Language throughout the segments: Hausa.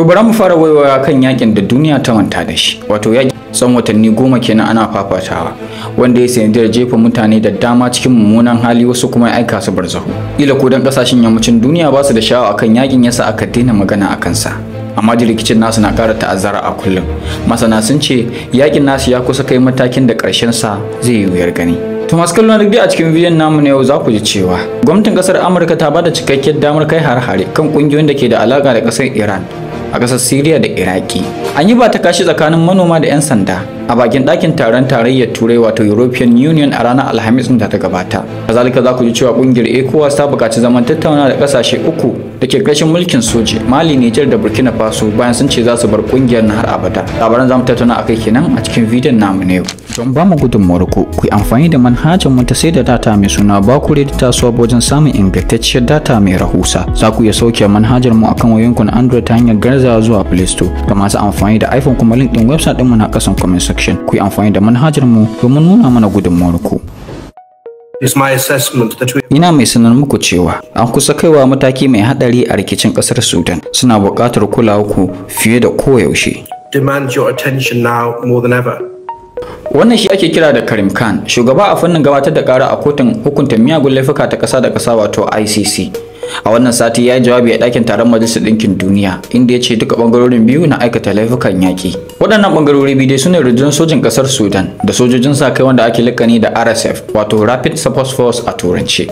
To bari mu fara waiwaya kan yakin da duniya ta manta da shi. Wato yaki tsawon watanni goma kenan ana fafatawa wanda ya sanadiyar jefa mutane da dama cikin mummunan hali wasu kuma ya aika su barzahu. Kila ko dan kasashen yammacin duniya ba su da sha'awa akan yakin yasa aka daina magana akan sa. amma da rikicin nasu na ƙara ta'azzara a kullum masana sun ce yakin nasu ya kusa kai matakin da ƙarshen sa zai yi wuyar gani To masu kallon duk a cikin bidiyon namu na yau za ku ji cewa gwamnatin ƙasar Amurka ta bada cikakkiyar damar kai har-hare kan kungiyoyin da ke da alaka da kasar Iran a ƙasar Siriya da Iraki. An yi ba ta kashi tsakanin manoma da 'yan sanda a bakin dakin taron tarayyar turai wato european union a ranar alhamis da ta gabata kazalika za ku ji cewa kungiyar ecowas ta buƙaci zaman tattauna da ƙasashe uku da ke ƙarshen mulkin soji mali niger da burkina faso bayan sun ce za su bar kungiyar na har abada labaran zamu tattauna akai kenan a cikin bidiyon namu ne don ba mu gudunmawar ku ku amfani da manhajar mu ta sai da data mai suna bakure da tasowa wajen samun ingantacciyar data mai rahusa za ku iya sauke manhajar mu akan wayoyinku na android ta hanyar garzawa zuwa play store ga masu amfani da iphone kuma link din website ɗinmu na ƙasan comment section Action ku yi amfani da manhajar mu domin nuna mana gudunmuwar ku. is Ina mai sanar muku cewa an kusa kaiwa mataki mai hadari a rikicin kasar Sudan suna buƙatar kulawa ku fiye da koyaushe. Demand Wannan shi ake kira da Karim Khan, shugaba a fannin gabatar da ƙara a kotun hukunta miyagun laifuka ta ƙasa da ƙasa wato ICC. a wannan sati ya yi jawabi a ɗakin taron majalisar ɗinkin duniya inda ya ce duka ɓangarorin biyu na aikata laifukan yaƙi waɗannan ɓangarori biyu dai su ne rundunar sojin ƙasar sudan da sojojin sa kai wanda ake lakani da rsf wato rapid support force a turanci.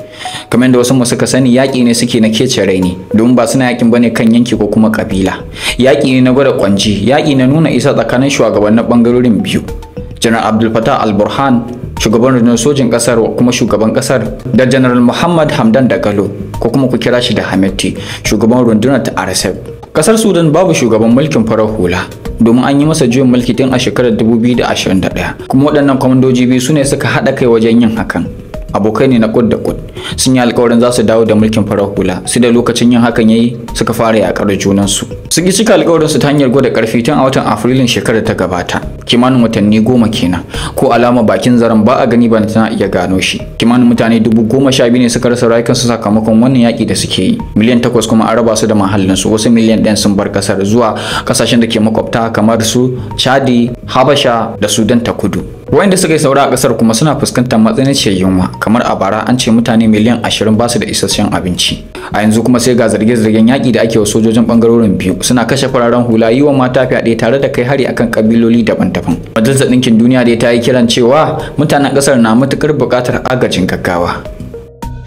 kamar da wasu musu ka sani yaƙi ne suke na kece raini domin ba suna yaƙin bane kan yanki ko kuma ƙabila yaƙi ne na gwada kwanci yaƙi na nuna isa tsakanin shugabannin ɓangarorin biyu janar abdul fatah al-burhan shugaban rundunar sojin kasar kuma shugaban kasar da janar muhammad hamdan dagalo ko kuma ku kira shi da Hamiti shugaban rundunar ta RSF kasar Sudan babu shugaban mulkin farar hula domin an yi masa juyin mulki tun a shekarar 2021 kuma waɗannan kwamandoji biyu su ne suka haɗa kai wajen yin hakan abokai ne na kud da kud sun yi alkawarin za su dawo da mulkin farar hula sai da lokacin yin hakan yayi suka fara yakar junansu su yi cika alkawarin su ta hanyar gwada karfi tun a watan afrilun shekarar ta gabata kimanin watanni goma kenan ko alama bakin zaren ba a gani ba tana iya gano shi kimanin mutane dubu goma sha biyu ne suka rasa rayukansu sakamakon wannan yaki da suke yi miliyan takwas kuma an raba su da su wasu miliyan ɗan sun bar kasar zuwa kasashen da ke makwabta kamar su chadi habasha da sudan ta kudu Wayanda suka yi saura a kasar kuma suna fuskantar matsananciyar yunwa kamar a bara an ce mutane miliyan ashirin ba su da isasshen abinci. A yanzu kuma sai ga zarge-zargen yaƙi da ake wa sojojin bangarorin biyu suna kashe fararen hula yi wa mata fyaɗe tare da kai hari akan kabiloli daban-daban. Majalisar Ɗinkin Duniya dai ta yi kiran cewa mutanen ƙasar na matuƙar buƙatar agajin gaggawa.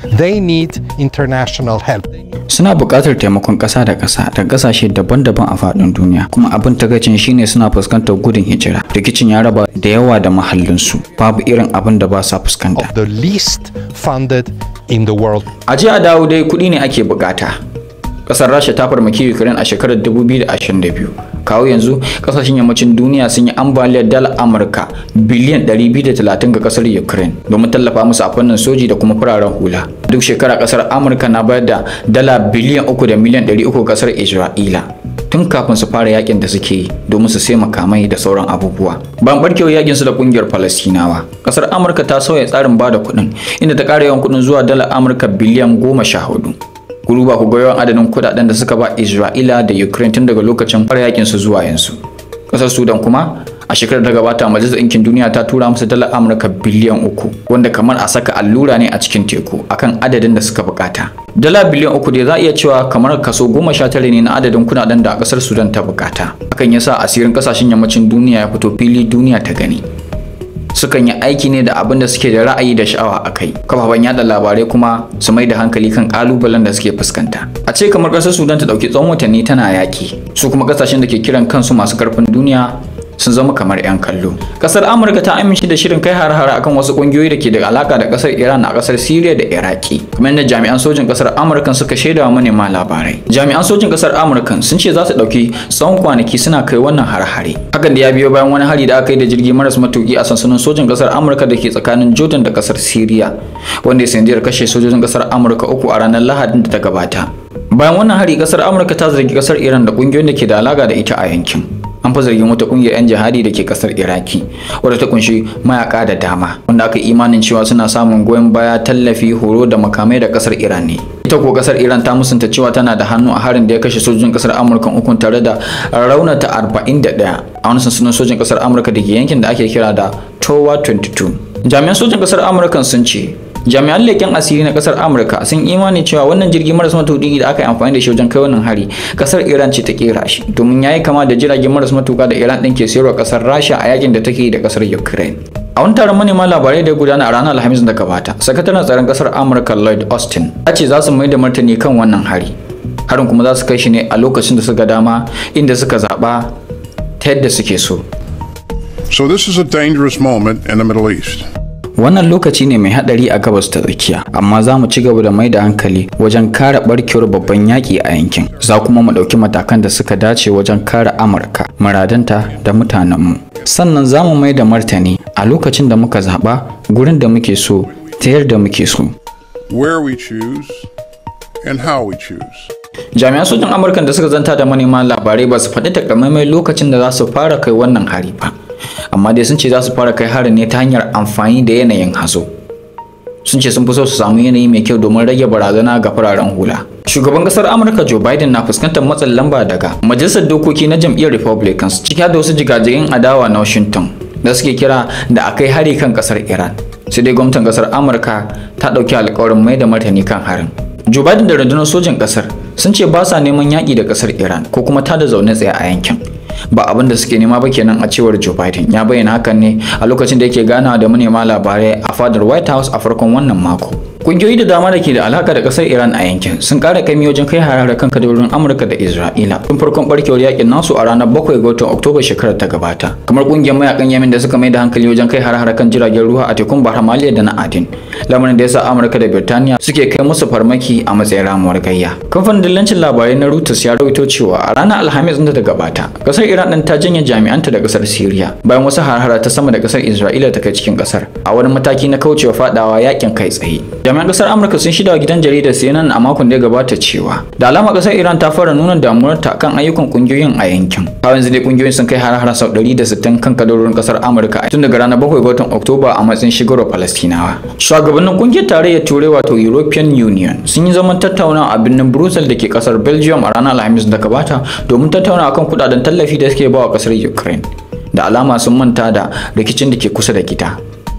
They need international help. Suna buƙatar taimakon ƙasa da ƙasa da ƙasashe daban-daban a faɗin duniya. Kuma abin tagacin shine suna fuskantar gudun hijira. Rikicin ya raba da yawa da mahallinsu. Babu irin abin da ba sa fuskanta. the least funded in the world. A jiya dawo dai kuɗi ne ake buƙata. Ƙasar Rasha ta farmaki Ukraine a shekarar 2022. kawo yanzu kasashen yammacin duniya sun yi ambaliyar dala amurka biliyan 230 ga kasar ukraine domin tallafa musu a fannin soji da kuma fararen hula duk shekara kasar amurka na bayar da dala biliyan 3 da miliyan 300 kasar isra'ila tun kafin su fara yakin da suke yi domin su sai makamai da sauran abubuwa ban barkewa yakin su da kungiyar falastinawa kasar amurka ta sauya tsarin bada kuɗin inda ta kara yawan kuɗin zuwa dala amurka biliyan goma sha hudu guruba ku ga yawan adadin kudaden da suka ba Isra'ila da Ukraine tun daga lokacin fara yakin su zuwa yanzu kasar Sudan kuma a shekarar da gabata majalisar ɗinkin duniya ta tura musu dala amurka biliyan uku wanda kamar a saka allura ne a cikin teku akan adadin da suka bukata dala biliyan uku dai za iya cewa kamar kaso goma sha tare ne na adadin kudaden da kasar sudan ta bukata hakan yasa asirin kasashen yammacin duniya ya fito fili duniya ta gani sukan yi aiki ne da abin da suke da ra'ayi da sha'awa a kai kafafen yada labarai kuma su mai da hankali kan kalubalen da suke fuskanta a ce kamar ƙasar sudan ta ɗauki tsawon watanni tana yaki su kuma ƙasashen da ke kiran kansu masu karfin duniya sun zama kamar 'yan kallo. Kasar Amurka ta amince da shirin kai har-hara akan wasu kungiyoyi da ke da alaka da kasar Iran a kasar Syria da Iraki. Kamar yadda jami'an sojin kasar Amurka suka shaida wa manema labarai. Jami'an sojin kasar Amurka sun ce za su ɗauki tsawon kwanaki suna kai wannan har-hare. Hakan da ya biyo bayan wani hari da aka yi da jirgi maras matuki a sansanin sojin kasar Amurka da ke tsakanin Jordan da kasar Syria, wanda ya sanadiyar kashe sojojin kasar Amurka uku a ranar Lahadin da ta gabata. Bayan wannan hari kasar Amurka ta zargi kasar Iran da kungiyoyin da ke da alaka da ita a yankin. an fi zargin wata kungiyar 'yan jihadi da ke kasar iraki wadda ta kunshi mayaka da dama wanda aka imanin cewa suna samun goyon baya tallafi horo da makamai da kasar iran ne ita ko kasar iran ta musanta cewa tana da hannu a harin da ya kashe sojojin kasar amurka uku tare da raunata 41 a wani sansanin sojin kasar amurka da ke yankin da ake kira da towa 22 jami'an sojin kasar amurka sun ce jami'an leken asiri na kasar amurka sun imani cewa wannan jirgi maras matuƙi da aka yi amfani da shi wajen kai wannan hari kasar iran ce ta kera shi domin ya yi kama da jiragen maras matuƙa da iran ɗin ke sayarwa kasar rasha a yakin da take da kasar ukraine a wani taron manema labarai da gudana a ranar alhamis da gabata sakataren tsaron kasar amurka lloyd austin ya ce za su mai da martani kan wannan hari harin kuma za su kai shi ne a lokacin da suka dama inda suka zaɓa ta yadda suke so So this is a dangerous moment in the Middle East. wannan lokaci ne mai hadari a gabas ta tsakiya amma za mu ci gaba da mai da hankali wajen kare barkewar babban yaki a yankin za kuma mu ɗauki matakan da suka dace wajen kare amurka maradanta da mutanenmu sannan za mu mai da martani a lokacin da muka zaɓa gurin da muke so ta yarda muke so jami'an sojin amurka da suka zanta da manema labarai ba su faɗi takamaimai lokacin da za su fara kai wannan hari ba amma dai sun ce za su fara kai harin ne ta hanyar amfani da yanayin hazo sun ce sun fi so su samu yanayi mai kyau domin rage barazana ga fararen hula shugaban kasar amurka joe biden na fuskantar matsin lamba daga majalisar dokoki na jam'iyyar republicans ciki da wasu jigajigin adawa na washington da suke kira da akai hari kan kasar iran sai dai gwamnatin kasar amurka ta ɗauki alkawarin mai da martani kan harin joe biden da rundunar sojin kasar sun ce ba sa neman yaƙi da kasar iran ko kuma ta da zaune tsaye a yankin ba abin da suke nema ba kenan a cewar Joe Biden ya bayyana hakan ne a lokacin da yake gana da manema labarai a fadar White House a farkon wannan mako. Kungiyoyi da dama da ke da alaka da kasar Iran a yankin sun kara kaimi wajen kai harare kan kadarorin Amurka da Isra'ila tun farkon barkewar yakin nasu a ranar 7 ga watan Oktoba shekarar ta gabata. Kamar kungiyar mayakan yamin da suka mai da hankali wajen kai harare kan jiragen ruwa a tekun Bahar Maliya da na Aden. Lamarin da ya sa Amurka da Birtaniya suke kai musu farmaki a matsayin ramuwar gayya. Kamfanin dillancin labarai na Reuters ya rawaito cewa a ranar Alhamis din ta gabata, kasar Iran din ta janye jami'anta da kasar Syria bayan wasu harhara ta sama da kasar Isra'ila ta kai cikin kasar a wani mataki na kaucewa fadawa yakin kai tsaye. jami'an kasar amurka sun shida gidan jaridar cnn a makon da ya gabata cewa da alama kasar iran ta fara nuna damuwar ta kan ayyukan kungiyoyin a yankin a yanzu dai kungiyoyin sun kai har har sau 160 kan kadarorin kasar amurka tun daga ranar 7 ga watan oktoba a matsayin shigarwa palestinawa shugabannin kungiyar tarayyar turai wato european union sun yi zaman tattaunawa a birnin brussels da ke kasar belgium a ranar alhamis da gabata domin tattauna kan kudaden tallafi da suke ba wa kasar ukraine da alama sun manta da rikicin da ke kusa da gida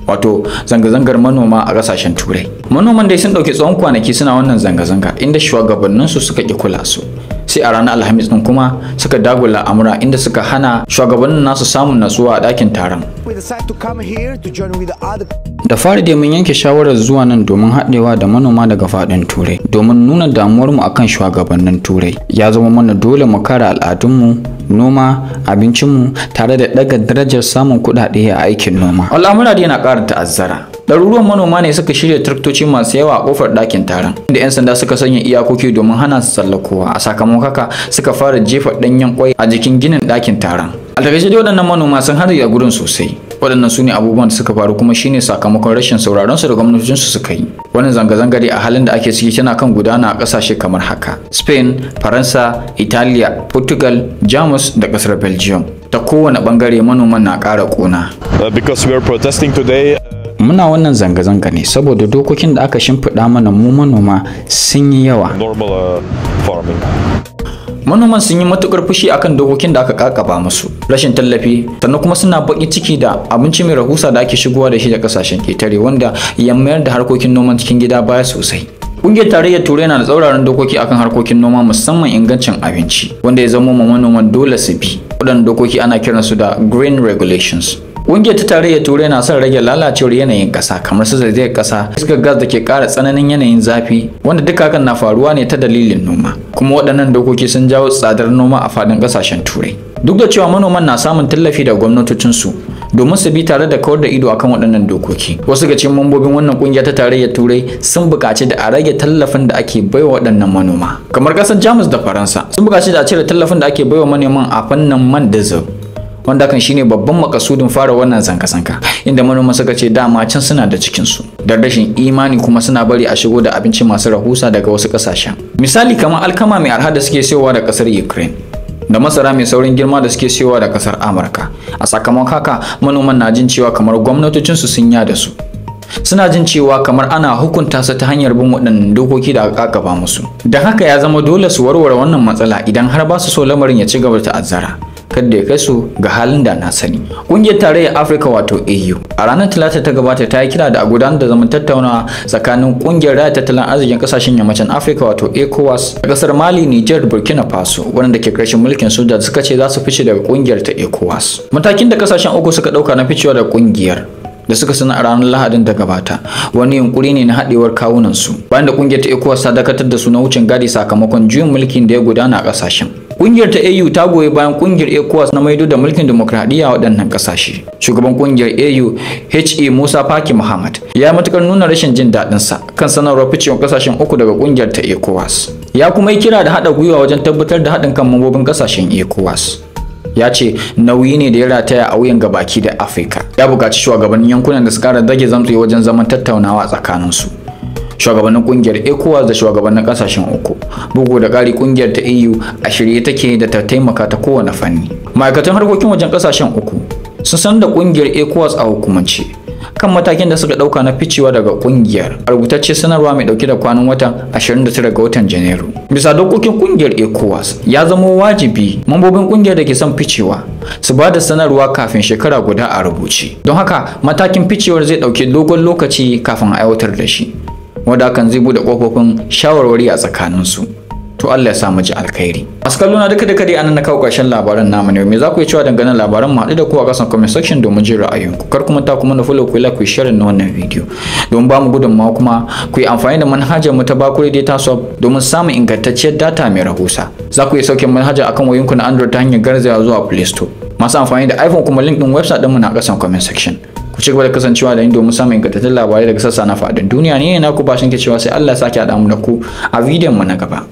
wato zanga-zangar manoma a kasashen turai manoman dai sun ɗauki tsawon kwanaki suna wannan zanga-zanga inda shugabanninsu suka ƙi kula su sai a ranar alhamis ɗin kuma suka dagula amura inda suka hana shugabannin nasu samun natsuwa a ɗakin taron decide to come here to join with the other Da fari dai mun yanke shawarar zuwa nan domin haɗewa da manoma daga faɗin Turai domin nuna damuwar damuwarmu akan shugabannin Turai. Ya zama mana dole mu kare al'adunmu, noma, abincinmu tare da ɗaga darajar samun kuɗaɗe a aikin noma. Al'amura dai na ƙara ta'azzara. ɗaruruwan manoma ne suka shirya traktoci masu yawa a kofar ɗakin taron inda 'yan sanda suka sanya iyakoki domin hana su tsallakowa a sakamakon haka suka fara jefa ɗanyen kwai a jikin ginin ɗakin taron a takaice dai manoma sun da gurin sosai waɗannan su ne abubuwan da suka faru kuma shine sakamakon rashin sauraron su da su suka yi wannan zanga-zanga dai a halin da ake ciki tana kan gudana a ƙasashe kamar haka spain faransa italiya portugal jamus da ƙasar belgium ta kowane ɓangare manoman na ƙara ƙona uh, uh, muna wannan zanga-zanga ne saboda dokokin da aka shimfiɗa mana mu manoma sun yi yawa uh, manoman sun yi matukar fushi akan dokokin da aka kakaba musu rashin tallafi sannan kuma suna baki ciki da abinci mai rahusa da ake shigowa da shi da kasashen ketare wanda ya mayar da harkokin noman cikin gida baya sosai Ƙungiyar tarayyar Turai na da tsauraran dokoki akan harkokin noma musamman ingancin abinci wanda ya zama ma manoman dole su bi. Waɗannan dokoki ana kiransu da green regulations. Ƙungiyar ta tarayyar Turai na son rage lalacewar yanayin kasa kamar su zaizayar kasa iskar gas da ke ƙara tsananin yanayin zafi, wanda duka hakan na faruwa ne ta dalilin noma. Kuma waɗannan dokoki sun jawo tsadar noma a faɗin ƙasashen Turai. Duk da cewa manoman na samun tallafi daga gwamnatocinsu, domin su bi tare da kawar da ido akan waɗannan dokoki wasu ga cikin mambobin wannan kungiya ta tarayyar turai sun buƙaci da a rage tallafin da ake baiwa waɗannan manoma kamar ƙasar jamus da faransa sun buƙaci da a cire tallafin da ake baiwa manoman a fannin man diesel wanda kan shine babban makasudin fara wannan zanka-zanka inda manoma suka ce dama can suna da cikinsu da rashin imani kuma suna bari a shigo da abinci masu rahusa daga wasu kasashen. misali kamar alkama mai arha da suke sayowa da ƙasar ukraine da masara mai saurin girma da suke sayowa da ƙasar amurka a sakamakon haka manoman na jin cewa kamar gwamnatocin su sun ya da su suna jin cewa kamar ana hukunta su ta hanyar bin waɗannan dokoki da aka gaba musu da haka ya zama dole su warware wannan matsala idan har ba su so lamarin ya ci gaba da ta'azzara kada ya kai su ga halin da na sani ƙungiyar tarayyar afirka wato au a ranar talata ta gabata ta yi kira da a gudanar da zaman tattaunawa tsakanin ƙungiyar raya tattalin arzikin ƙasashen yammacin afirka wato ecowas A ƙasar mali niger burkina faso wanda ke ƙarshen mulkin su da suka ce za su fice daga ƙungiyar ta ecowas matakin da ƙasashen uku suka ɗauka na ficewa da ƙungiyar da suka sanar a ranar Lahadin da gabata wani yunkuri ne na haɗewar kawunan su bayan da kungiyar ta ECOWAS ta dakatar da su na wucin gadi sakamakon juyin mulkin da ya gudana a ƙasashen Kungiyar ta AU ta goyi bayan kungiyar ECOWAS na maido da mulkin demokradiyya waɗannan ƙasashe. Shugaban kungiyar AU HE Musa Faki Muhammad ya matukar nuna rashin jin daɗin sa kan sanarwar ficewar ƙasashen uku daga kungiyar ta ECOWAS. Ya kuma yi kira da haɗa gwiwa wajen tabbatar da haɗin kan mambobin ƙasashen ECOWAS. ya ce nauyi ne da ya rataya a wuyan gabaki da afirka ya buƙaci shugabannin yankunan da su ƙara dage zamtse wajen zaman tattaunawa tsakaninsu shugabannin kungiyar ECOWAS da shugabannin kasashen uku. Bugu da kari kungiyar ta EU a shirye take da ta taimaka ta kowane fanni. Ma'aikatan harkokin wajen kasashen uku sun san da kungiyar ECOWAS a hukumance kan matakin da suka dauka na ficewa daga kungiyar a rubutacce sanarwa mai dauke da kwanan watan 29 ga watan janairu bisa dokokin kungiyar ecowas ya zama wajibi mambobin kungiyar da ke son ficewa su ba da sanarwa kafin shekara guda a rubuce don haka matakin ficewar zai dauki dogon lokaci kafin a aiwatar da shi wanda hakan zai bude kofofin shawarwari a tsakanin su. to Allah ya sa mu ji alkhairi askalluna duka duka dai anan na kawo ƙarshen labaran namu ne me za ku yi cewa dangane labaran mu haɗu da ku a ƙasan comment section domin jin ra'ayinku kar kuma ta kuma na follow ku like ku share na wannan video don ba mu gudunmawa kuma ku yi amfani da manhajar mu ta Bakuri Data Swap domin samun ingantacciyar data mai rahusa za ku iya sauke manhaja akan wayoyinku na Android ta hanyar garzaya zuwa Play Store masu amfani da iPhone kuma link din website ɗinmu na kasan comment section cigaba ci gaba da kasancewa da ni domin samun ingantattun labarai daga sassa na faɗin duniya ne na ku bashin ke cewa sai Allah ya sake haɗa mu da ku a bidiyon mu na gaba